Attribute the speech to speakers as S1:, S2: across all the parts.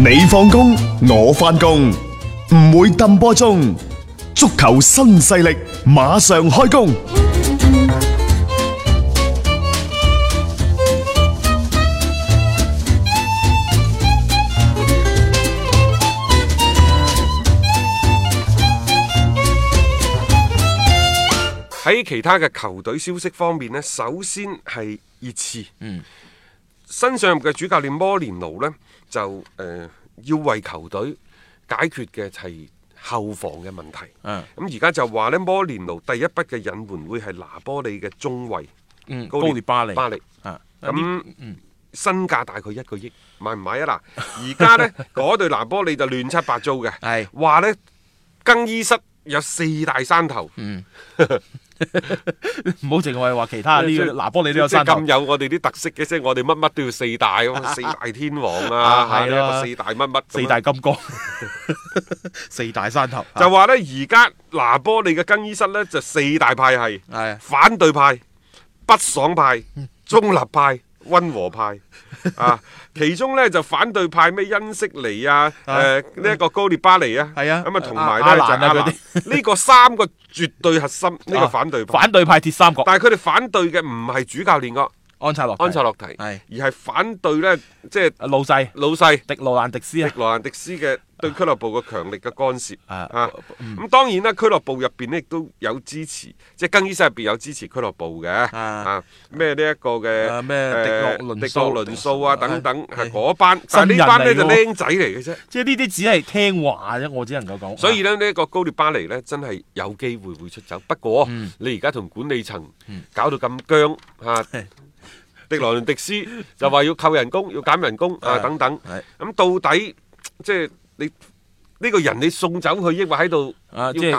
S1: 你放工，我翻工，唔會抌波中。足球新勢力馬上開工。
S2: 喺其他嘅球隊消息方面呢，首先係熱刺。嗯。新上任嘅主教練摩連奴呢，就誒、呃、要為球隊解決嘅係後防嘅問題。咁而家就話呢，摩連奴第一筆嘅引援會係拿波利嘅中衞，
S1: 嗯、高列
S2: 巴利，利巴利，咁身、啊嗯、價大概一個億，買唔買啊？嗱，而家呢，嗰隊 拿波利就亂七八糟嘅，係話咧更衣室。有四大山頭，
S1: 唔好淨係話其他啲。嗱以，這個、波利都有即係咁
S2: 有我哋啲特色嘅，即、就是、我哋乜乜都要四大， 四大天王啊，係啦、 啊，啊、四大乜乜，四大金剛， 四大山頭。就話咧，而家嗱波利嘅更衣室咧，就四大派系，係反對派、不爽派、 中立派。 溫和派 啊，其中咧就反對派咩因息尼啊，誒呢一個高列巴尼啊，係啊，咁啊同埋咧亞蘭啊嗰啲，呢個三個絕對核心呢、呢個反對派、啊，反對派鐵三角，但係佢哋反對嘅唔係主教練個，啊安察洛安察洛提，係而係反對咧，即係老細老細迪羅蘭迪斯啊，迪羅蘭迪斯嘅對俱樂部嘅強力嘅干涉啊，咁當然啦，俱樂部入邊咧亦都有支持，即係更衣室入邊有支持俱樂部嘅啊，咩呢一個嘅咩迪洛迪洛倫素啊等等，係嗰班，但係呢班咧就僆仔嚟嘅
S1: 啫，即係呢啲只係聽話啫，我只能夠講。
S2: 所以咧呢一個高列巴黎呢，真係有機會會出走，不過你而家同管理層搞到咁僵嚇。迪羅倫迪、迪斯 就話要扣人工， 要減人工 啊等等。咁、嗯、到底即係、就是、你呢、這個人你送走佢，抑或喺度？啊，即係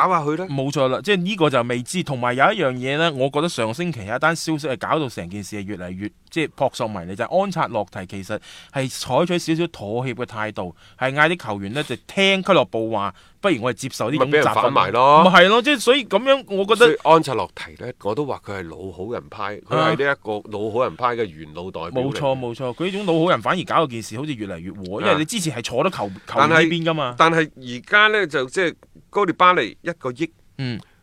S2: 冇錯啦，即係
S1: 呢個就未知。同埋有，有一樣嘢呢，我覺得上星期有一單消息係搞到成件事係越嚟越即係撲朔迷離。就係、安察洛提其實係採取少少妥協嘅態度，係嗌啲球員呢就聽俱樂部話，不如我哋接受呢種集訓埋咯。唔係咯，即係所以咁
S2: 樣，我覺得安察洛提呢，我都話佢係老好人派，佢係呢一個老好人派嘅元老代表。冇錯冇錯，佢呢種老好人反而搞到件事，好似越嚟越和，因為你之
S1: 前係坐得球吧球喺呢邊
S2: 噶嘛。但係而家呢，就即、就、係、係。高利巴利一個億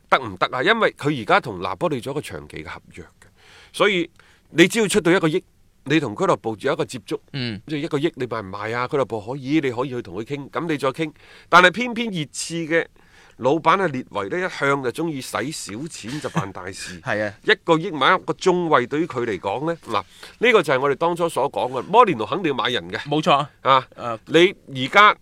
S2: 得唔得啊？因為佢而家同拿波利做一個長期嘅合約嘅，所以你只要出到一個億，你同俱樂部有一個接觸，嗯，即係一個億，你賣唔賣啊？俱樂部可以，你可以去同佢傾，咁你再傾。但係偏偏熱刺嘅老闆啊，列維呢一向就中意使小錢就辦大事，係 啊，一個億買一個中衛，對於佢嚟講呢，嗱，呢、這個就係我哋當初所講嘅摩連奴肯定要買人嘅，冇錯錯啊，啊你而家。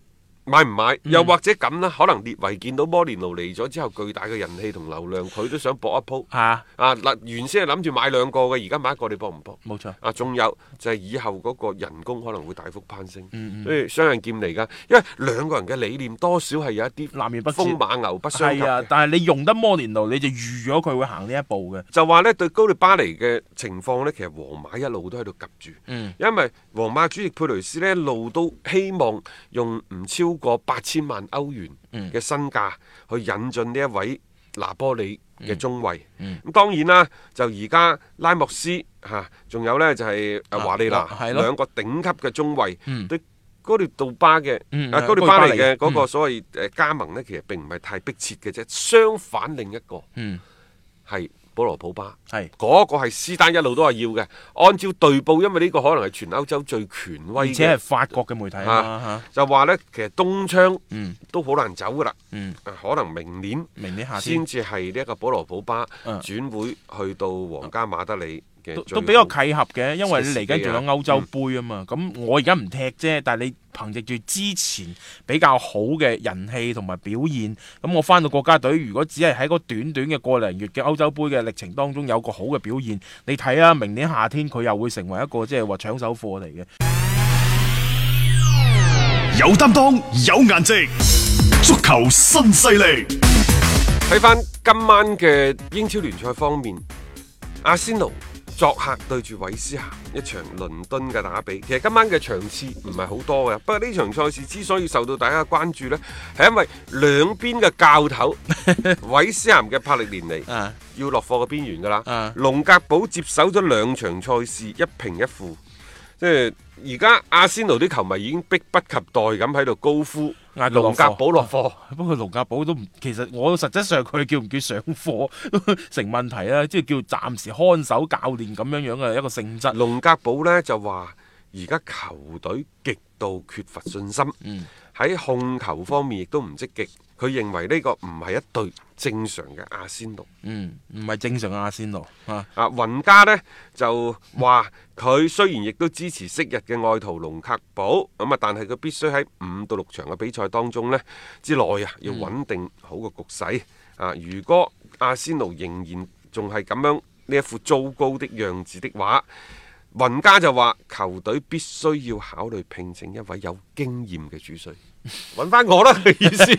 S2: 買唔買？嗯、又或者咁啦，可能列維見到摩連奴嚟咗之後，巨大嘅人氣同流量，佢都想搏一鋪。啊嗱、啊，原先係諗住買兩個嘅，而家買一個你搏唔搏？冇錯錯。啊，仲有就係、是、以後嗰個人工可能會大幅攀升，嗯嗯，所以雙刃劍嚟噶。因為兩個人嘅理念多少係有一啲南轅北轍、風馬牛不相及。係啊，
S1: 但係你用得摩連奴，你就預咗佢會行呢一步嘅。
S2: 就話呢，對高迪巴黎嘅情況呢，其實皇馬一路都喺度急住。嗯、因為皇馬主席佩雷斯呢，一路都希望用唔超。超過八千萬歐元嘅身價、嗯、去引進呢一位拿波里嘅中衛，咁、嗯嗯、當然啦，就而家拉莫斯吓，仲、啊、有呢就係阿華利娜，兩、啊啊、個頂級嘅中衛，嗯、對高迪杜巴嘅，嗯、啊高迪巴利嘅嗰個所謂誒、呃、加盟呢，其實並唔係太迫切嘅啫，嗯、相反另一個，係、嗯。保羅·普巴，係嗰是個係斯丹一路都係要嘅，按照隊報，因為呢個可能係全歐洲最權威，而且係
S1: 法國嘅媒體、啊啊、
S2: 就話呢，其實冬窗、嗯、都好難走噶啦，嗯，可能明年明年下先至係呢一個保羅·普巴轉、啊、會去到皇家馬德里。啊啊都比較契合嘅，因為你嚟緊仲有歐洲
S1: 杯啊嘛。咁、嗯、我而家唔踢啫，但係你憑藉住之前比較好嘅人氣同埋表現，咁我翻到國家隊，如果只係喺嗰短短嘅個零月嘅歐洲杯嘅歷程當中有個好嘅表現，你睇下、啊、明年夏天佢又會成為一個即係話搶手貨嚟嘅。有擔當，
S2: 有顏值，足球新勢力。睇翻今晚嘅英超聯賽方面，阿仙奴作客對住韋斯咸一場倫敦嘅打比，其實今晚嘅場次唔係好多嘅，不過呢場賽事之所以受到大家關注呢，係因為兩邊嘅教頭韋斯咸嘅帕力連尼 要落課嘅邊緣㗎啦，龍 格堡接手咗兩場賽事，一平一負。即係而家阿仙奴啲球迷已經迫不及待咁喺度高呼龍格寶
S1: 落貨。啊，不過龍格寶都唔，其實我實質上佢哋叫唔叫上貨成問題啦，即係叫暫時看守教練咁樣樣嘅一個性質。龍
S2: 格寶呢就話，而家球隊極度缺乏信心，喺、嗯、控球方面亦都唔積極。佢認為呢個唔係一隊正常嘅阿仙奴，嗯，唔係正常嘅阿仙奴啊！啊，雲加呢就話佢雖然亦都支持昔日嘅愛徒龍格堡咁啊，但係佢必須喺五到六場嘅比賽當中呢之內啊，要穩定好個局勢、嗯、啊！如果阿仙奴仍然仲係咁樣呢一副糟糕的樣子的話，雲加就話球隊必須要考慮聘請一位有經驗嘅主帥。揾翻我啦，佢意思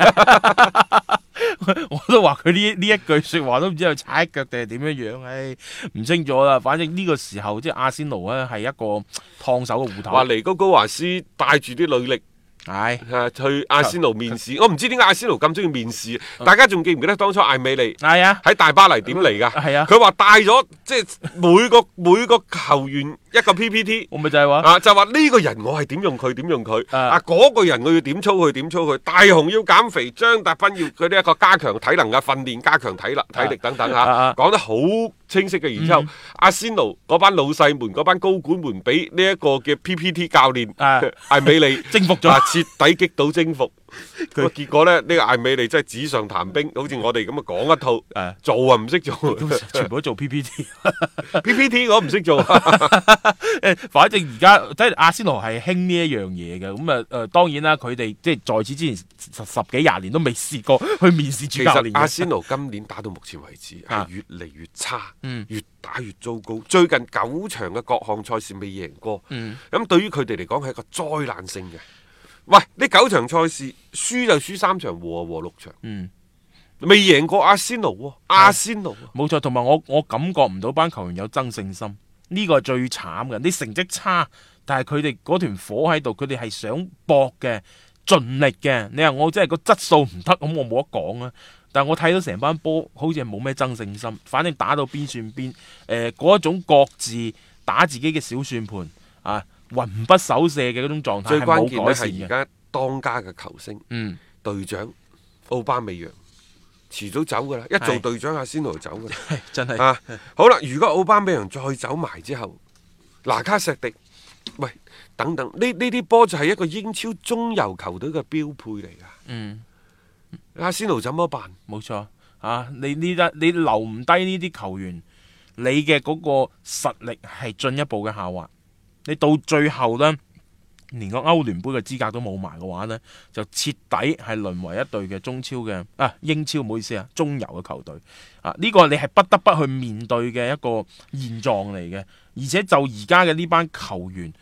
S2: 我都話佢呢，呢一句
S1: 說話都唔知佢踩腳定係點樣樣？唉，唔清楚啦。反正呢個時候即係阿仙奴咧係一個燙手嘅
S2: 芋頭。話尼高高華斯帶住啲履歷。係，去阿仙奴面試，我唔知點解阿仙奴咁中意面試。大家仲記唔記得當初艾美利？係啊，喺大巴黎點嚟㗎？係啊，佢話帶咗即係每個每個球員一個 PPT。我咪就係話，就話呢個人我係點用佢，點用佢。啊，嗰個人我要點操佢，點操佢。大雄要減肥，張達斌要佢啲一個加強體能嘅訓練，加強體力、體力等等嚇。講得好。清晰嘅，然之後阿仙奴嗰班老細們、嗰班高管們，俾呢一個嘅 PPT 教練艾美利征服咗，徹底擊倒征服佢。他結果咧，呢、這個艾美利真係紙上談兵，好似我哋咁啊講一套，啊做啊唔識做，全部都做 PPT，PPT 哈我唔識做。
S1: 反正而家即係阿仙奴係興呢一樣嘢嘅，咁啊誒、嗯呃，當然啦，佢哋即係在此之前。十十幾廿
S2: 年都未試過去面試主教練。其實阿仙奴今年打到目前為止係越嚟越差，啊嗯、越打越糟糕。最近九場嘅各項賽事未贏過，咁、嗯、對於佢哋嚟講係一個災難性嘅。喂，呢九場賽事輸就輸三場，和和六場，嗯，未贏過阿仙奴，
S1: 阿仙奴冇錯。同埋、啊、我我感覺唔到班球員有爭勝心，呢、這個係最慘嘅。你成績差，但係佢哋嗰團火喺度，佢哋係想搏嘅。盡力嘅，你話我真係個質素唔得，咁我冇得講啊！但係我睇到成班波好似係冇咩爭勝心，反正打到邊算邊。誒、呃，嗰一種各自打自己嘅小算盤啊，魂不守舍嘅嗰種狀態係冇改嘅。最關鍵係而
S2: 家當家嘅球星，嗯，隊長奧巴美揚，遲早走噶啦，一做隊長阿仙奴就走噶啦，是 真係的啊！ 好啦，如果奧巴美揚再走埋之後，拿卡錫迪。喂，等等，呢呢啲波就係一個英超中游球隊嘅標配嚟噶。嗯，阿仙奴怎麼辦？冇錯啊，你呢一
S1: 你留唔低呢啲球員，你嘅嗰個實力係進一步嘅下滑。你到最後呢。連個歐聯盃嘅資格都冇埋嘅話呢，就徹底係淪為一隊嘅中超嘅，啊英超唔好意思中油，啊中游嘅球隊啊，呢個你係不得不去面對嘅一個現狀嚟嘅，而且就而家嘅呢班球員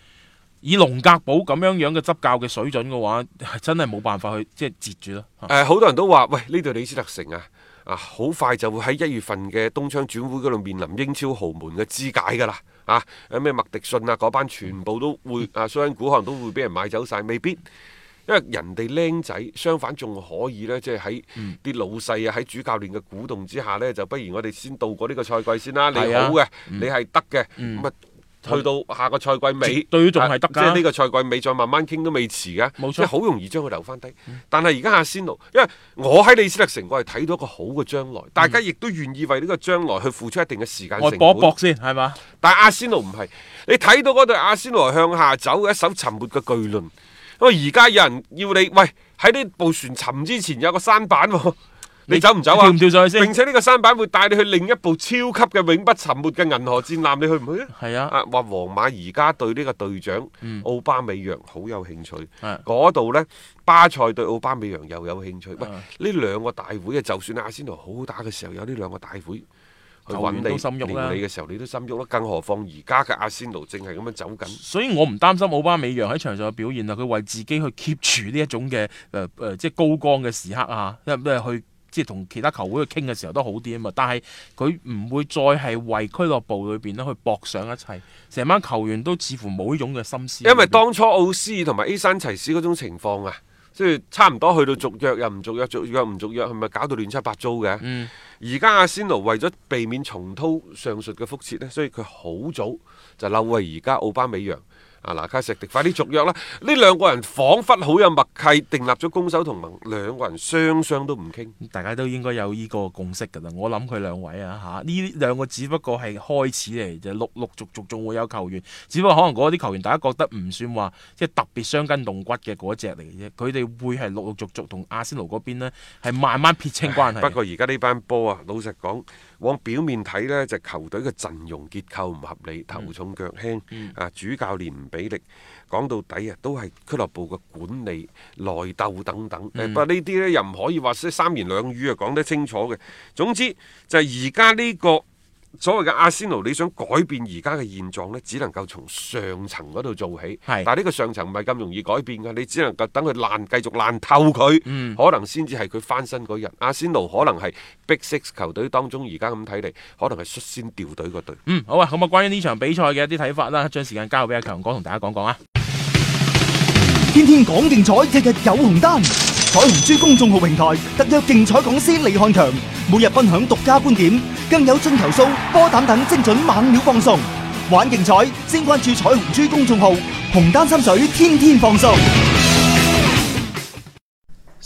S1: 以龍格堡咁樣樣嘅執教嘅水準嘅話，係真係冇
S2: 辦法去即係、就是、截住咯。誒、啊，好、呃、多人都話喂，呢隊李斯特城啊。啊！好快就會喺一月份嘅冬窗轉會嗰度面臨英超豪門嘅肢解㗎啦！啊，咩麥迪遜啊，嗰班、啊、全部都會、嗯、啊，相股可能都會俾人買走晒，未必，因為人哋僆仔，相反仲可以呢。即係喺啲老細啊，喺主教練嘅鼓動之下呢，就不如我哋先度過呢個賽季先啦、啊。你好嘅，你係得嘅，咁啊。嗯去到下個賽季尾，對佢仲係得即係呢個賽季尾再慢慢傾都未遲㗎，冇錯即係好容易將佢留翻低。嗯、但係而家阿仙奴，因為我喺李斯勒城，我係睇到一個好嘅將來，嗯、大家亦都願意為呢個將來去付出一定嘅時間成本。搏搏先係嘛？但係阿仙奴唔係你睇到嗰對阿仙奴向下走嘅一手沉沒嘅巨輪。咁而家有人要你喂，喺呢部船沉之前，有個山板喎、哦。
S3: 你走唔走啊？跳唔跳上去先？並且
S2: 呢個山板會帶你去另一部超級嘅永不沉沒嘅銀河戰艦，你去唔去啊？係啊！話皇馬而家對呢個隊長、嗯、奧巴美揚好有興趣。嗰度、啊、呢，巴塞對奧巴美揚又有興趣。喂，呢、啊、兩個大會嘅，就算阿仙奴好好打嘅時候，有呢兩個大會去揾你，連你嘅時候你都心喐啦。更何況而家嘅阿仙奴正係咁樣走緊。
S1: 所以我唔擔心奧巴美揚喺場上嘅表現啊！佢為自己去 keep 住呢一種嘅誒即係高光嘅時刻啊！一咩去？即係同其他球會去傾嘅時候都好啲啊嘛，但係佢唔會再係為俱樂部裏邊咧去搏上一切，成班球員都似乎冇呢種嘅心思。因為
S2: 當初奧斯同埋埃山齊斯嗰種情況啊，即係差唔多去到續約又唔續約，續約又唔續約，係咪搞到亂七八糟嘅？而家阿仙奴為咗避免重蹈上述嘅覆轍咧，所以佢好早就扭為而家奧巴美揚。啊，拿卡錫迪，快啲續約啦！呢兩個人仿佛好有默契，訂立咗攻守同盟，兩個人雙雙都唔傾，大家都應該有呢個共識㗎啦。我諗
S1: 佢兩位啊，嚇呢兩個只不過係開始嚟，就陸陸續續仲會有球員，只不過可能嗰啲球員大家覺得唔算話即係特別傷筋動骨嘅嗰隻嚟嘅啫，佢哋會
S2: 係陸陸續續同阿仙奴嗰邊呢，係慢慢撇清關係。不過而家呢班波啊，老實講。往表面睇呢就係，球隊嘅陣容結構唔合理，頭重腳輕，嗯、啊主教練唔俾力，講到底啊，都係俱樂部嘅管理內鬥等等。呃、不過呢啲咧又唔可以話三言兩語啊講得清楚嘅。總之就係而家呢個。所謂嘅阿仙奴，你想改變而家嘅現狀呢，只能夠從上層嗰度做起。是但係呢個上層唔係咁容易改變嘅，你只能夠等佢爛繼續爛透佢，嗯、可能先至係佢翻身嗰日。阿仙奴可能係 big six 球隊當中而家咁睇嚟，可能係率先掉隊個隊。嗯，好啊，咁
S1: 啊，關於呢場比賽嘅一啲睇法啦，將時間交俾阿強哥同大家講講啊。天天講競彩，日日有紅單。彩虹珠公眾號平台特約競彩講師李漢強，每日分享獨家觀點，更有進球數、波膽等精準猛料放送。玩競彩，先關注彩虹珠公眾號，紅單心水，天天放送。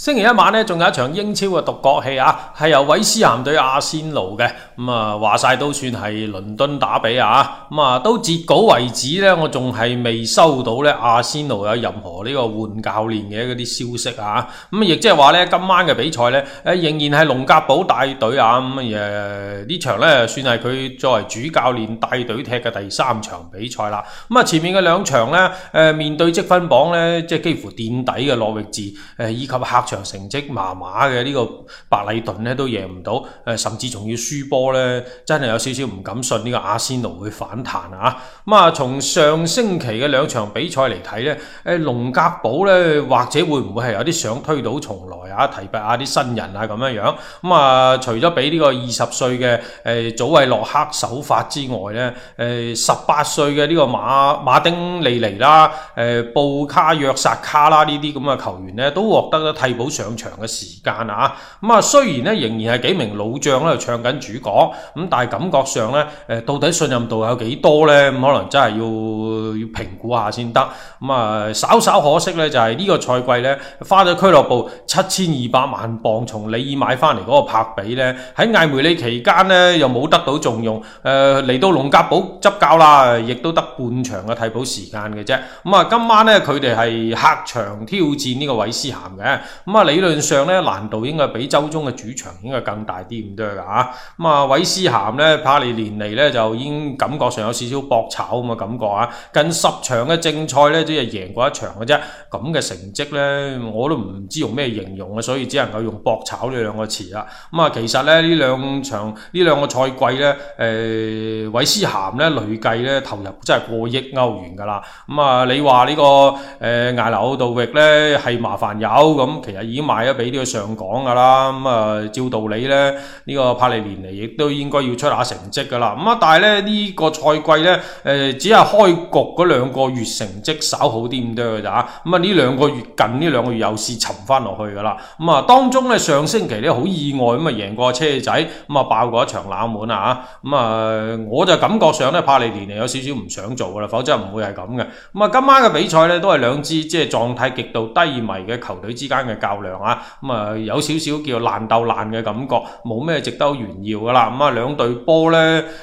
S3: 星期一晚呢，仲有一場英超嘅獨角戲啊，係由韋斯咸對阿仙奴嘅。咁、嗯、啊，話晒都算係倫敦打比啊。咁啊，都截稿為止呢，我仲係未收到呢阿仙奴有任何呢個換教練嘅嗰啲消息啊。咁亦即係話呢，今晚嘅比賽呢，誒仍然係龍格堡帶隊啊。咁、嗯、啊，呢場呢，算係佢作為主教練帶隊踢嘅第三場比賽啦。咁啊，前面嘅兩場呢，誒面對積分榜呢，即係幾乎墊底嘅諾域治，誒、啊、以及客場成績麻麻嘅呢個白禮頓呢都贏唔到，誒甚至仲要輸波呢，真係有少少唔敢信呢個阿仙奴會反彈啊！咁啊，從上星期嘅兩場比賽嚟睇呢，誒、呃，龍格堡呢，或者會唔會係有啲想推倒重來啊提拔下啲、啊、新人啊咁樣樣？咁啊，除咗俾呢個二十歲嘅誒、呃、祖衛洛克首發之外呢，誒十八歲嘅呢個馬馬丁利尼啦，誒、呃、布卡約薩卡啦呢啲咁嘅球員呢，都獲得咗替。上場嘅時間啊，咁啊，雖然咧仍然係幾名老將咧唱緊主角，咁但係感覺上咧誒、呃、到底信任度有幾多咧？咁可能真係要要評估下先得。咁啊，稍稍可惜咧就係、是、呢個賽季咧花咗俱樂部七千二百萬鎊從里爾買翻嚟嗰個帕比咧，喺艾梅里期間咧又冇得到重用，誒、呃、嚟到龍格堡執教啦，亦都得半場嘅替補時間嘅啫。咁啊，今晚咧佢哋係客場挑戰呢個韋斯咸嘅。咁啊，理論上咧難度應該比周中嘅主場應該更大啲咁多噶嚇。咁啊、嗯，韋斯咸咧，柏歷堅尼咧就已經感覺上有少少搏炒咁嘅感覺啊。近十場嘅正賽咧，只係贏過一場嘅啫。咁嘅成績咧，我都唔知用咩形容啊，所以只能夠用搏炒呢兩個詞啦、啊。咁、嗯、啊，其實咧呢兩場呢兩個賽季咧，誒、呃、韋斯咸咧累計咧投入真係過億歐元噶啦。咁、嗯、啊、嗯，你話、這個呃、呢個誒艾拉奧杜域咧係麻煩友咁、嗯、其已經賣咗俾呢個上港噶啦，咁啊照道理呢，呢、這個帕利連尼亦都應該要出下成績噶啦，咁、嗯、啊但係咧呢、這個賽季呢，誒、呃、只係開局嗰兩個月成績稍好啲咁多嘅咋，咁啊呢兩個月近呢兩個月又試沉翻落去噶啦，咁、嗯、啊當中呢，上星期呢，好意外咁啊贏過車仔，咁、嗯、啊爆過一場冷門啊，咁、嗯、啊、呃、我就感覺上呢，帕利連尼有少少唔想做噶啦，否則唔會係咁嘅，咁、嗯、啊今晚嘅比賽呢，都係兩支即係狀態極度低迷嘅球隊之間嘅較量啊，咁啊有少少叫爛鬥爛嘅感覺，冇咩值得炫耀噶啦。咁啊，兩隊波咧，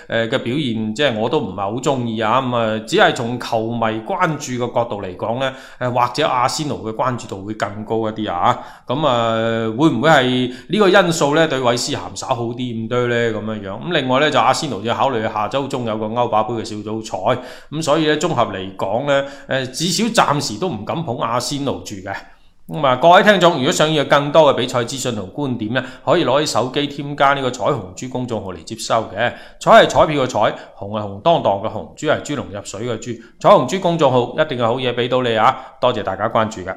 S3: 誒嘅表現即係我都唔係好中意啊。咁啊，只係從球迷關注嘅角度嚟講咧，誒或者阿仙奴嘅關注度會更高一啲啊。咁啊，會唔會係呢個因素咧對韋斯咸稍好啲咁多咧？咁樣樣咁，另外咧就阿仙奴就考慮下周中有個歐霸杯嘅小組賽，咁所以咧綜合嚟講咧，誒至少暫時都唔敢捧阿仙奴住嘅。嗯、各位聽眾，如果想要更多嘅比賽資訊同觀點咧，可以攞起手機添加呢個彩虹豬公眾號嚟接收嘅。彩係彩票嘅彩，紅係紅當當嘅紅，豬係豬籠入水嘅豬。彩虹豬公眾號一定係好嘢，俾到你啊！多謝大家關注嘅。